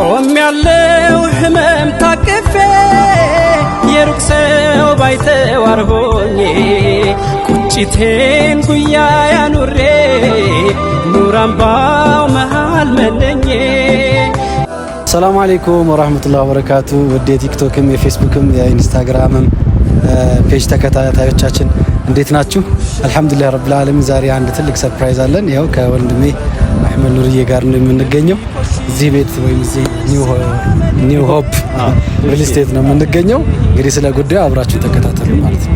ቆም ያለው ህመም ታቅፌ የሩቅ ሰው ባይተዋር ሆኜ ቁጭቴን ጉያ ያኑሬ ኑራምባው መሃል መለኜ ሰላም አሌይኩም ወራህመቱላህ ወበረካቱ። ውድ የቲክቶክም የፌስቡክም የኢንስታግራምም ፔጅ ተከታታዮቻችን እንዴት ናችሁ? አልሐምዱሊላህ ረብል ዓለሚን። ዛሬ አንድ ትልቅ ሰርፕራይዝ አለን። ያው ከወንድሜ አህመድ ኑርዬ ጋር ነው የምንገኘው። እዚህ ቤት ወይም እዚህ ኒው ሆፕ ሪል ስቴት ነው የምንገኘው። እንግዲህ ስለ ጉዳዩ አብራችሁ ተከታተሉ ማለት ነው።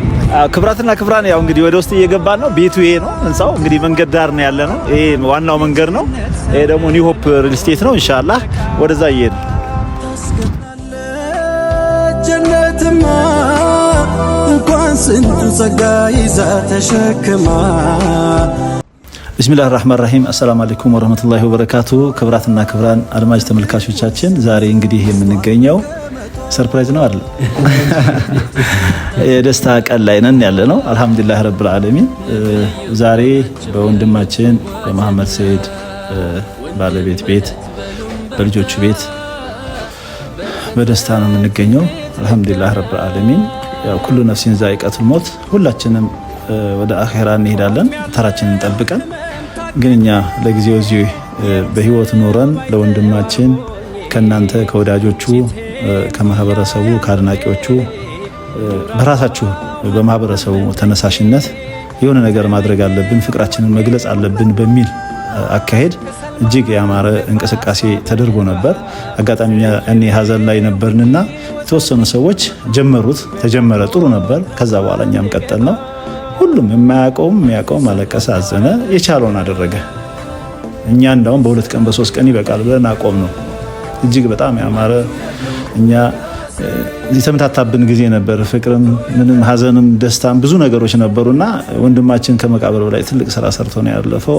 ክብራትና ክብራን ያው እንግዲህ ወደ ውስጥ እየገባን ነው። ቤቱ ይሄ ነው። ህንጻው እንግዲህ መንገድ ዳር ነው ያለ ነው። ይሄ ዋናው መንገድ ነው። ይሄ ደግሞ ኒው ሆፕ ሪል ስቴት ነው። ኢንሻአላህ ወደዛ እየሄድን ስንቱን ጸጋ ይዛ ተሸክማ ብስሚላህ ራህማን ራሂም አሰላሙ አለይኩም ወረህመቱላሂ ወበረካቱ። ክብራትና ክብራን አድማጭ ተመልካቾቻችን ዛሬ እንግዲህ የምንገኘው ሰርፕራይዝ ነው አይደል? የደስታ ቀን ላይ ነን ያለ ነው። አልሐምዱሊላህ ረብል ዓለሚን። ዛሬ በወንድማችን በመሐመድ ሰይድ ባለቤት ቤት በልጆቹ ቤት በደስታ ነው የምንገኘው። አልሐምዱሊላህ ረብል ዓለሚን ያው ኩሉ ነፍሲን ዛኢቀቱል ሞት፣ ሁላችንም ወደ አኼራ እንሄዳለን ተራችንን ጠብቀን። ግን እኛ ለጊዜው እዚህ በህይወት ኖረን ለወንድማችን ከእናንተ ከወዳጆቹ ከማህበረሰቡ ከአድናቂዎቹ በራሳችሁ በማህበረሰቡ ተነሳሽነት የሆነ ነገር ማድረግ አለብን፣ ፍቅራችንን መግለጽ አለብን በሚል አካሄድ እጅግ ያማረ እንቅስቃሴ ተደርጎ ነበር። አጋጣሚ እኔ ሀዘን ላይ ነበርንና የተወሰኑ ሰዎች ጀመሩት፣ ተጀመረ፣ ጥሩ ነበር። ከዛ በኋላ እኛም ቀጠል ነው። ሁሉም የማያውቀውም የሚያውቀውም አለቀሰ፣ አዘነ፣ የቻለውን አደረገ። እኛ እንዳውም በሁለት ቀን በሶስት ቀን ይበቃል ብለን አቆም ነው። እጅግ በጣም ያማረ እኛ የተመታታብን ጊዜ ነበር። ፍቅርም፣ ምንም ሀዘንም፣ ደስታም ብዙ ነገሮች ነበሩና ወንድማችን ከመቃብር በላይ ትልቅ ስራ ሰርቶ ነው ያለፈው።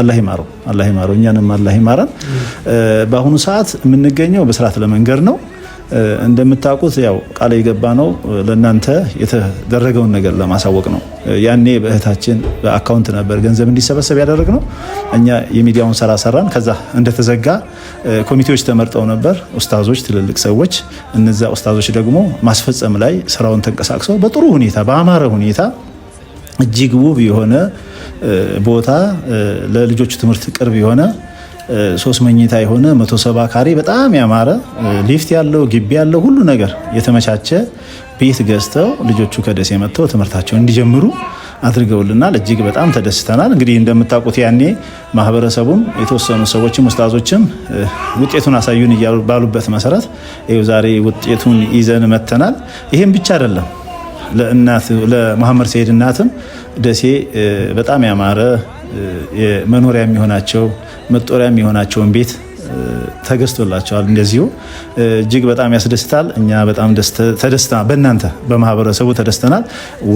አላህ ይማረው፣ አላህ ይማረው፣ እኛንም አላህ ይማረን። በአሁኑ ሰዓት የምንገኘው በስርዓት ለመንገድ ነው እንደምታውቁት ያው ቃል የገባ ነው ለእናንተ የተደረገውን ነገር ለማሳወቅ ነው። ያኔ በእህታችን በአካውንት ነበር ገንዘብ እንዲሰበሰብ ያደረግ ነው። እኛ የሚዲያውን ስራ ሰራን። ከዛ እንደተዘጋ ኮሚቴዎች ተመርጠው ነበር፣ ኡስታዞች፣ ትልልቅ ሰዎች። እነዚ ኡስታዞች ደግሞ ማስፈጸም ላይ ስራውን ተንቀሳቅሰው በጥሩ ሁኔታ በአማረ ሁኔታ እጅግ ውብ የሆነ ቦታ ለልጆቹ ትምህርት ቅርብ የሆነ ሶስት መኝታ የሆነ 170 ካሬ በጣም ያማረ ሊፍት ያለው ግቢ ያለው ሁሉ ነገር የተመቻቸ ቤት ገዝተው ልጆቹ ከደሴ መጥተው ትምህርታቸውን እንዲጀምሩ አድርገውልናል። እጅግ በጣም ተደስተናል። እንግዲህ እንደምታውቁት ያኔ ማህበረሰቡም የተወሰኑ ሰዎችም ውስጣዞችም ውጤቱን አሳዩን ባሉበት መሰረት ይኸው ዛሬ ውጤቱን ይዘን መጥተናል። ይህም ብቻ አይደለም ለእናት ለመሐመድ ሰይድ እናትም ደሴ በጣም ያማረ መኖሪያ የሚሆናቸው መጦሪያ የሚሆናቸውን ቤት ተገዝቶላቸዋል። እንደዚሁ እጅግ በጣም ያስደስታል። እኛ በጣም ተደስተናል። በእናንተ በማህበረሰቡ ተደስተናል።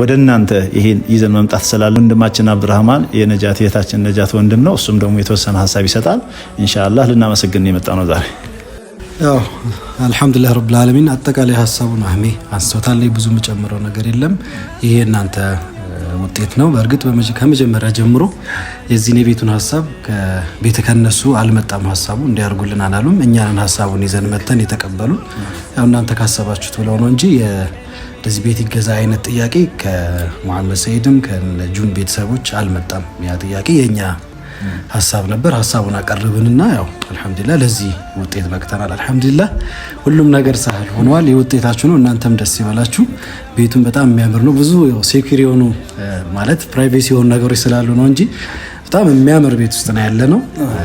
ወደ እናንተ ይሄን ይዘን መምጣት ስላለ ወንድማችን አብዱራህማን የነጃት የታችን ነጃት ወንድም ነው። እሱም ደግሞ የተወሰነ ሀሳብ ይሰጣል። ኢንሻላህ ልናመሰግን የመጣ ነው ዛሬ። ያው አልሐምዱሊላህ ረብል አጠቃላይ ሀሳቡን አህሜ አንስቶታል። ብዙ የምጨምረው ነገር የለም። ይሄ እናንተ ውጤት ነው። በእርግጥ ከመጀመሪያ ጀምሮ የዚህን የቤቱን ሀሳብ ከቤተ ከነሱ አልመጣም ሀሳቡ እንዲያርጉልን አላሉም። እኛንን ሀሳቡን ይዘን መተን የተቀበሉ ያው እናንተ ካሰባችሁት ብለው ነው እንጂ እንደዚህ ቤት ይገዛ አይነት ጥያቄ ከሙሐመድ ሰይድም ከጁን ቤተሰቦች አልመጣም። ያ ጥያቄ የእኛ ሀሳብ ነበር። ሀሳቡን አቀርብንና ያው አልሐምዱሊላህ ለዚህ ውጤት በቅተናል። አልሐምዱሊላህ ሁሉም ነገር ሳህል ሆኗል። የውጤታችሁ ነው። እናንተም ደስ ይበላችሁ። ቤቱን በጣም የሚያምር ነው። ብዙ ሴኩሪ የሆኑ ማለት ፕራይቬሲ የሆኑ ነገሮች ስላሉ ነው እንጂ በጣም የሚያምር ቤት ውስጥ ነው ያለ ነው።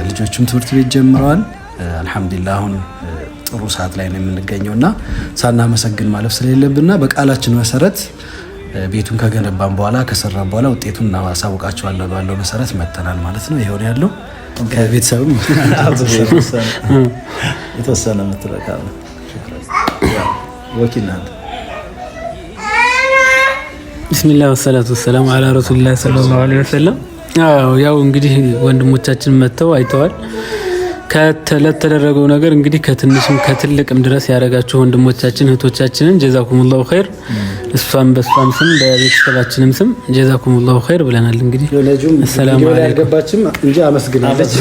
ልጆችም ትምህርት ቤት ጀምረዋል። አልሐምዱሊላህ አሁን ጥሩ ሰዓት ላይ ነው የምንገኘው እና ሳናመሰግን ማለፍ ስለሌለብንና በቃላችን መሰረት ቤቱን ከገነባን በኋላ ከሰራን በኋላ ውጤቱን እናሳውቃቸዋለሁ ባለው መሰረት መተናል ማለት ነው። ይሆን ያለው ከቤተሰብም የተወሰነ ምትረቃ ነው። ብስሚላህ ወሰላቱ ወሰላም አላ ረሱሊላህ ሰለላሁ ዐለይሂ ወሰለም። ያው እንግዲህ ወንድሞቻችን መጥተው አይተዋል። ለተደረገው ነገር እንግዲህ ከትንሽም ከትልቅም ድረስ ያደረጋችሁ ወንድሞቻችን እህቶቻችንን ጀዛኩሙላሁ ኸይር፣ እሷም በእሷም ስም በቤተሰባችንም ስም ጀዛኩሙላሁ ኸይር ብለናል። እንግዲህ ሰላም አልገባችም እንጂ አመስግናለች።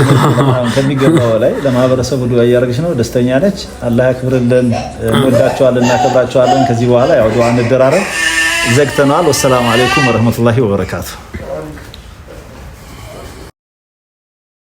ከሚገባው ላይ ለማህበረሰቡ ዱዓ እያደረገች ነው። ደስተኛ ነች። አላህ ያክብርልን። እንወዳቸዋለን፣ እናከብራቸዋለን። ከዚህ በኋላ ያው ዱዓ እንደራረግ ዘግተናል። ወሰላሙ አለይኩም ወረህመቱላሂ ወበረካቱ።